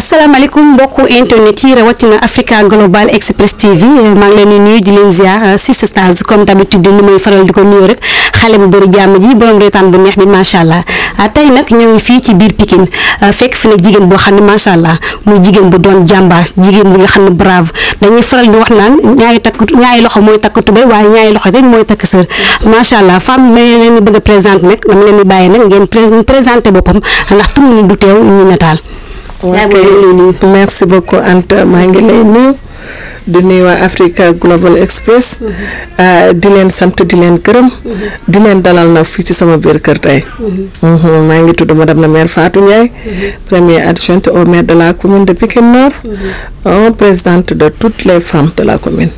asalaamaaleykum mbokku internet yi rawatina Africa Global Express TV maa ngi leen di nuyu di leen ziar euh, si sa stage comme d'habitude ni may faral di ko nuyoo rek bu bëri jàmm ji borom reetaan bu neex bi macha allah euh, tey nag ñëw fii ci biir Pikine euh, fekk fi ne jigéen boo xam ne macha allah muy jigéen bu doon jàmbaar jigéen bi nga xam ne brave dañuy faral di wax naan ñaari takk ñaari loxo mooy takk tubéy waaye ñaari loxo rek mooy takk sër macha allah femme may leen bëgg a présenter dama leen di bàyyi nag ngeen présenté boppam ndax tumu ni du teew ñu nataal. ok merci beaucoup Anta maa ngi lay nuyu di nuyu waa Africa Global Express mm-hmm. ah, di leen sant di leen këram mm-hmm. di leen dalal nag fii ci sama biir kër tey mm-hmm. maa ngi tudd madame la maire Fatou première adjointe au maire de la commune de Pikine Nord oh, présidente de toutes les femmes de la commune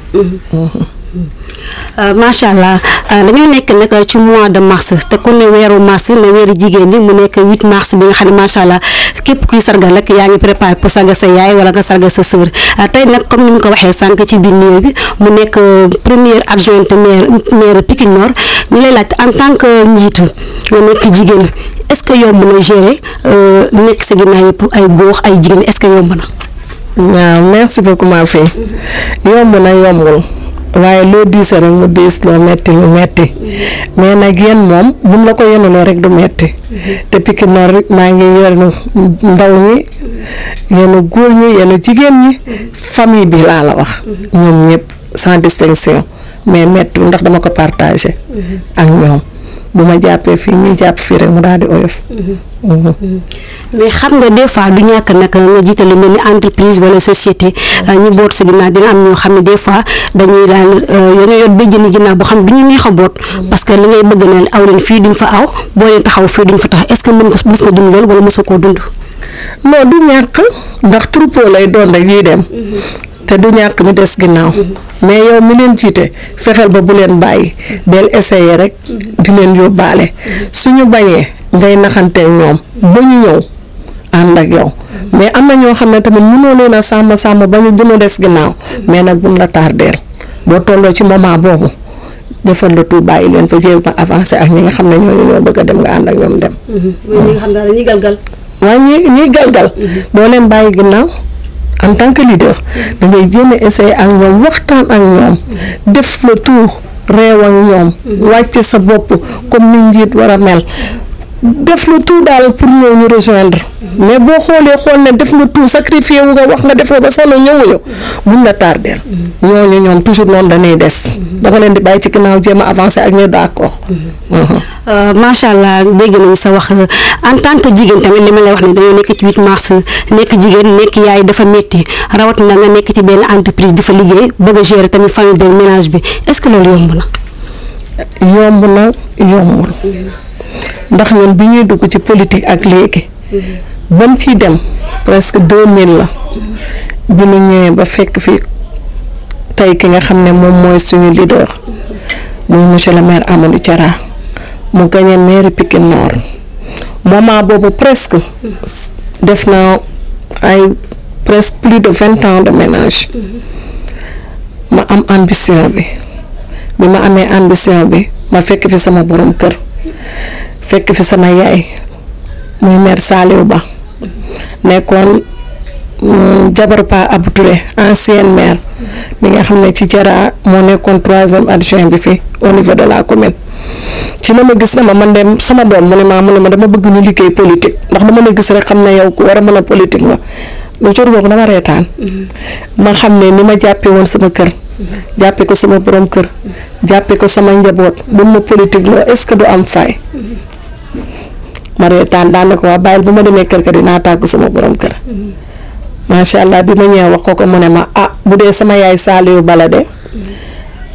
Euh, macha allah euh, dañoo nekk nag ci mois de mars te ku ne weeru mars ne weeru jigéen ñi mu nekk 8 mars bi nga xam ne macha allah képp kuy sargal ak yaa ngi préparé pour sargal sa yaay wala nga sargal sa sœur euh, tey nag comme ni mu ko waxee sànq ci biir néew bi mu nekk première adjointe maire maire Pikine Nord ñu lay laaj en tant que njiitu nga nekk jigéen est-ce que yomb na gérer nekk sa ginnaaw yëpp ay góor ay jigéen est-ce que yomb na. waaw merci beaucoup ma fille yomb na yombul. waaye loo diisee rek mu diis loo metti mu metti mais nag yéen moom mun la ko yenuloo rek du metti te Pikine Nord maa ngi yenu ndaw ñi yenu góor ñi yenu jigéen ñi famille bi laa la wax ñoom ñëpp sans distinction mais metti ndax dama ko partagé ak ñoom bu ma jàppee fii ñuy jàpp fii rek mu daal di oyof. Mm-hmm. mais xam nga des fois du ñàkk nag nga jiite lu mel ni entreprise wala société euh, ñu boot si ginnaaw dina am ñoo xam ne des fois dañuy daal yéen a yor béjjëni ginnaaw boo xam du ñu neex a boot. Mm-hmm. parce que li ngay bëgg naan aw leen fii duñ fa aw boo leen taxaw fii duñ fa taxaw est ce que mën nga mos nga dund loolu wala mosoo koo dund. non du ñàkk ndax troupeau lay doon rek ñuy dem. Mm-hmm. te du ñàkk ñu des ginnaaw mais yow mi leen jiite fexeel ba bu leen bàyyi del essayer rek di leen yóbbaale suñu bañee ngay naxante ñoom ba ñu ñëw ànd ak yow mais am na ñoo xam ne tamit mënoo leen a sàmm sàmm ba ñu dina des ginnaaw mais nag buñ la tardeel boo tolloo ci moment boobu defal la tuut bàyyi leen fa jéem a avancé ak ñi nga xam ne ñooñu ñoo bëgg a dem nga ànd ak ñoom dem. waaw ñi nga galgal. waaw mm-hmm. leen bàyyi ginnaaw. en tant que leader da ngay jéem ak ñoom waxtaan ak ñoom def le tour réew ñoom wàcce sa bopp comme ni njiit war a mel def na tout daal pour ñëw ñu rejoindre mais boo xoolee xool ne def nga tout sacrifié wu nga wax nga def nga ba sonn ñëwuñu buñ la tardeel ñooñu ñoom toujours noonu dañuy des da leen di bàyyi ci ginnaaw jéem a avancé ak ñu d'accord. Euh, macha allah dégg nañ sa wax en tant que jigéen tamit li ma lay wax ne dañoo nekk ci 8 mars nekk jigéen nekk yaay dafa métti rawatina nga nekk ci benn entreprise di fa liggéey bëgg a tamit famille bi ménage bi est-ce que loolu yomb na. yomb na yombul. ndax ñun bi ñuy dugg ci politique ak léegi ban ciy dem presque deux mille la bi nu ñëwee ba fekk fi tey ki nga xam ne moom mooy suñu leader moom monsieur le maire Amadou Diarra mu gagné mairie Pikine Nord moment boobu presque def na ay presque plus de vingt ans de ménage ma am ambition bi bi ma amee ambition bi ma fekk fi sama borom kër fekk fi sama yaay muy mère Saliou Ba nekkoon mm, jabar Pa Abou Touré ancienne maire ni nga xam ne ci Jara moo nekkoon troisième adjoint bi fi au niveau de la commune ci la ma gis na ma man dem sama doom mu ne maa mu ne ma dama bëgg ñu liggéey politique ndax ma dama la gis rek xam ne yow ku war a mën a politique ma lu jor boobu dama reetaan mm-hmm. ma xam ne ni ma jàppee woon sama kër jappé ko sama borom kër jappé ko sama njaboot bu mu politique lo est-ce do am fay ma reetaan daanaka waa bàyyil bu ma démé kër kër dina tagu sama borom kër sha allah bima ma wax ko ko mu ma ah bu dee sama yaay Saliou Bala de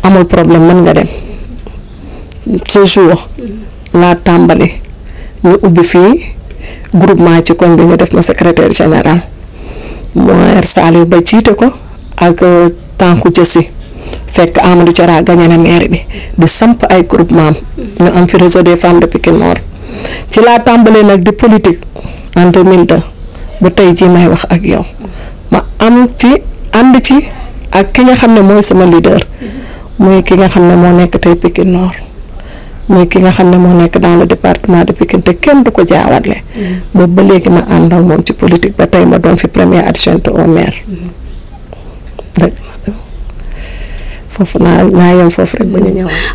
amul problème man nga dem ce jour la tambalé ñu ubbi fii groupement ci kon bi ñu def ma secrétaire général er Saliou ba jiite ko ak euh, tànku jësi fekk Amadou Diarra gagné na maire bi di samp ay groupement ñu am fi réseau des femmes depuis qu'il mort ci la tambalé nak di politique en 2002 ba tay ci may wax ak yow ma am ci and ci ak ki nga xamne moy sama leader moy ki nga xamne mo nek tay tey Nord moy ki nga xamne mo nek dans le département de Pikine te kenn du ko jaawale bo ba léegi ma andal mom ci politique ba tay ma don fi premier adjoint au maire dëgg foofu naa naa yem foofu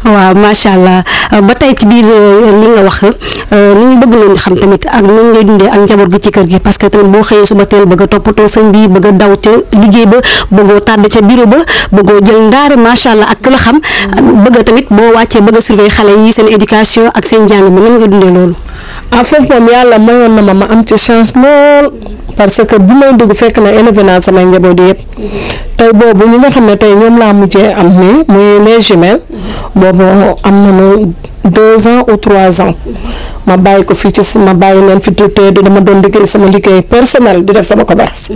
waaw macha allah ba tey ci biir euh, li nga wax euh, ni ñu bëgg nañu xam tamit ak nan ngay dundee ak njaboot gi ci kër gi parce que tamit boo xëyee suba teel bëgg toppatoo sëñ bi bëgg a daw ca liggéey ba bëggoo tàdd ca bureau ba bëggoo jël ndaare macha allah ak la xam mm. bëgg tamit boo wàccee bëgg a surveiller xale yi seen éducation ak seen njàng mi nan nga dundee loolu. ah foofu moom yàlla mayoon na ma ma am ci chance lool parce que bu may dugg fekk na élevé naa samay njaboot yëpp tey boobu ñi nga xam ne tey ñoom laa mujjee am nii muy les jumelles boobu am na nañu deux ans ou trois ans ma bàyyi ko fii ci ma bàyyi leen fi te dama doon liggéey sama liggéey personnel di def sama commerce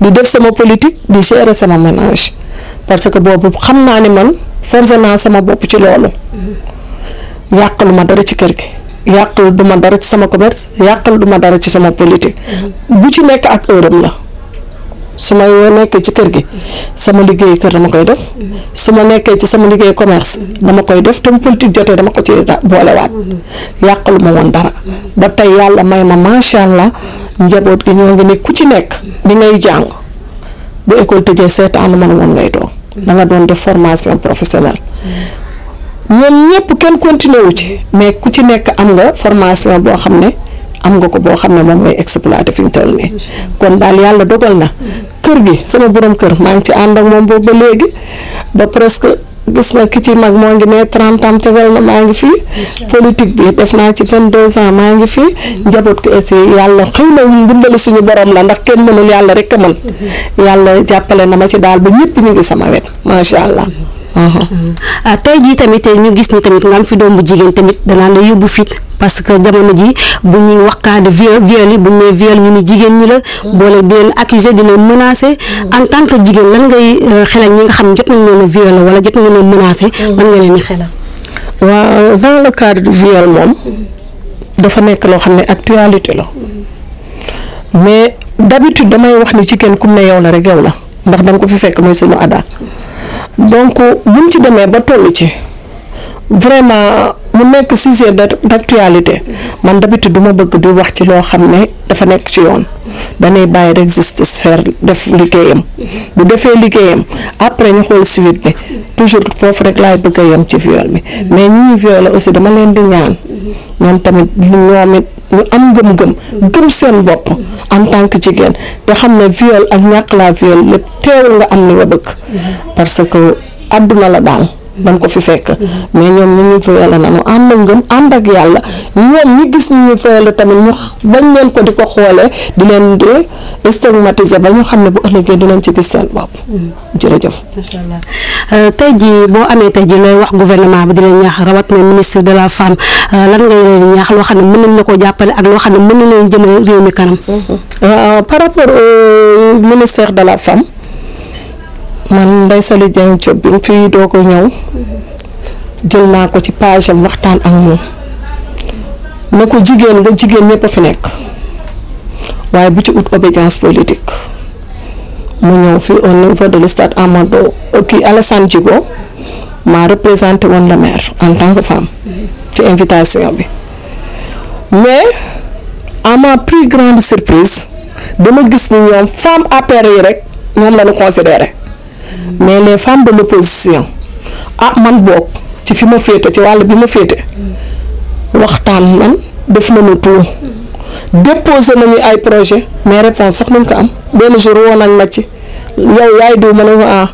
di def sama politique di gérer sama ménage parce que boobu xam naa ni man forger naa sama bopp ci loolu yàqalu ma dara ci kër gi. yàqal du ma dara ci sama commerce yàqal du ma dara ci sama politique mhm. bu ci nekk ak heuram la su ma nekkee ci kër gi sama liggéey kër dama koy def mhm. su ma nekkee ci sama liggéey commerce mhm. dama koy def te mu politique jotee dama ko ci boolewaat yàqalu ma woon dara ba tey yàlla may ma macha allah njaboot gi ñoo ngi ne ku ci nekk di ngay jàng bu école tëjee ma man woon ngay doon da nga doon def formation professionnelle ñoom ñëpp kenn continué wu ci mais ku ci nekk am nga formation boo xam ne am nga ko boo xam ne moom ngay exploité fi ñu toll nii kon daal yàlla dogal na kër gi sama borom kër maa ngi ci ànd ak moom ba léegi ba presque gis na ki ci mag moo ngi ne trente ans na maa ngi fii politique bi def naa ci vingt deux ans maa ngi fii njaboot ko aussi yàlla xëy na ndimbali suñu borom la ndax kenn mënul yàlla rekk a mën yàlla jàppale na ma ci daal ba ñëpp ñu ngi sama wet macha allah. Mm-hmm. Ah, tey jii tamit ñu gis ni tamit nga am fi doom bu jigéen tamit danaa la yóbbu fit parce que jamono ji bu ñuy wax cas de viol viol yi bu ñu nee viol ñu ni jigéen ñi la. Mm-hmm. boole di leen accuser di leen menacer. Mm-hmm. en tant que jigéen lan ngay euh, xelal ñi nga xam jot nañu leen a viol wala jot nañu leen a menacer. lan nga leen di waaw dans le viol moom. dafa nekk loo xam ne actualité la. mais d'habitude damay wax ni jigéen kum ne yow la rek yow la ndax danga ko fi fekk mooy sunu aada. donc buñ ci demee ba toll ci vraiment mu nekk sujet d'actualité man d'habitude du ma bëgg di wax ci loo xam ne dafa nekk ci yoon dañuy bàyyi rek justice faire def liggéeyam bu defee liggéeyam après ñu xool suite bi toujours foofu rek laay bëgg a ci viol bi mais ñi ñu violé aussi dama leen di ñaan ñoom tamit ñoom it ñu am gëm-gëm gëm seen bopp en tant que jigéen te xam ne viol ak ñàkk laa viol lépp teewul nga am ni nga bëgg parce que àdduna la daal nam ko fi fekk mais ñoom ñu ñu foyale nañu ànd ngëm ànd ak yàlla ñoom ñu gis ñu ñu la tamit ñu bañ leen ko di ko xoolee di leen di stigmatiser ba ñu xam ne bu ëllëgee leen ci gis seen bopp mm-hmm. jërëjëf macha allah euh, tey jii boo amee tey jii looy wax gouvernement bi di leen ñaax rawat na ministre de la femme euh, lan ngay leen ñaax loo xam ne mën nañ la ko jàppale ak loo xam ne mën na leen jëmale réew mi kanam mm-hmm. euh, par rapport ministère de la femme man Ndeye Saly Dieng Diop bi mu fi doo ko ñëw jël naa ko ci page am waxtaan ak moom ne ko jigéen nga jigéen ñëpp a fi nekk waaye bu ci ut obédience politique mu ñëw fii au niveau de l'stade Amadou kii Alassane Djigo maa représenté woon la maire en tant que femme ci invitation bi mais à ma plus grande surprise dama gis ni ñoom femme APR yi rek ñoom la ñu considéré mais les femmes de l'opposition ah man boog ci fi ma féete ci wàll bi ma féete waxtaan man def nañu tout déposé nañu ay projet mais réponse sax nañ ko am benn jour nañ ma ci yow yaay diw ma ne ah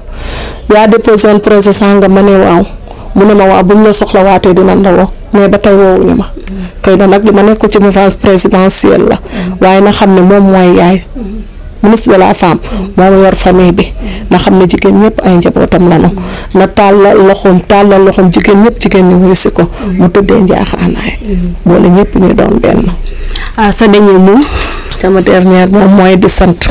yaa déposé woon projet ma ne waaw mu ne ma waaw buñ la soxla waatee dinañ la woo mais ba tey woowuñu ma kay na nag li ma nekk ci mouvance présidentielle la waaye na xam ne moom mooy yaay ministre de la femme moom yor famille bi na xam ne jigéen ñëpp ay njabootam lanu na tàllal loxoom tàllal loxoom jigéen ñëpp jigéen ñi muy si ko mu tëddee njaaxaanaay boole ñëpp ñu doon benn ah, sa dernier mot sama moom mooy di sant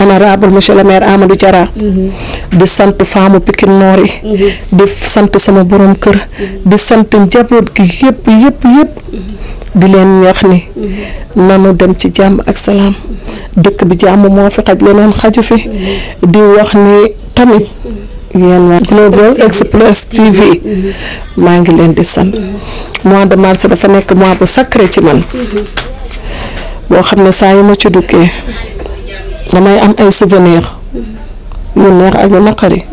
honorable monsieur le maire Amadou Diarra mm-hmm. di sant faamu Pikine Nord yi mm-hmm. di sant sama borom kër mm-hmm. di sant njaboot gi yëpp yëpp yëpp mm-hmm. di leen ñaax ni nanu dem ci jàmm ak salaam dëkk bi jàmm moo fi xaj leneen xaju fi di wax ni tamit yéen Global Express TV maa ngi leen di sant mois de mars dafa nekk mois bu sacré ci man boo xam ne saa yi ma ci duggee damay am ay souvenir lu neex ak lu naqari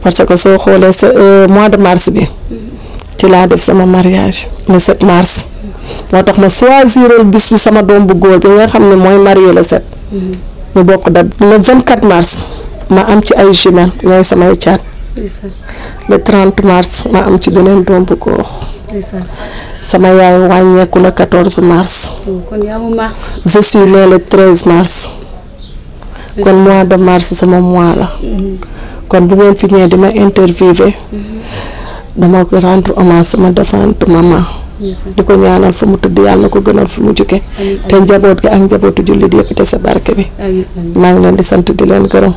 parce que soo xoolee sa euh, mois de mars bi ci laa def sama mariage le 7 mars moo tax ma choisiral bis bi sama doom bu góor bi nga xam ne mooy marié le 7 ñu bokk date le 24 mars ma am ci ay jumelles ñooy samay caat le 30 mars ma am ci beneen doom bu góor sama yaay wàññeeku le 14 mars je suis le 13 mars kon mois de mars sama mois la mm-hmm. kon bu ngeen fi ñëwee dima interviewé mm-hmm. dama ko rendre hommage sama défunte ma di ko ñaanal fu mu tëdd yàlla na ko gënal fu mu jóge te njaboot gi ak njabootu jullit yëpp te sa barke bi maa ngi leen di sant di leen gërëm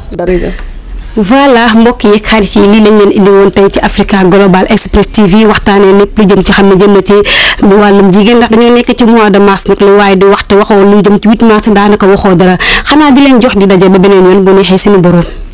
voilà mbokk yeeg xarit yi lii lañ leen indi woon tey ci Africa Global Express TV waxtaanee lépp lu jëm ci xam ne jëm na ci wàllum jigéen ndax dañoo nekk ci mois de mars nag lu waaye di waxte waxoo lu jëm ci 8 mars daanaka waxoo dara xanaa di leen jox di daje ba beneen yoon bu neexee suñu borom.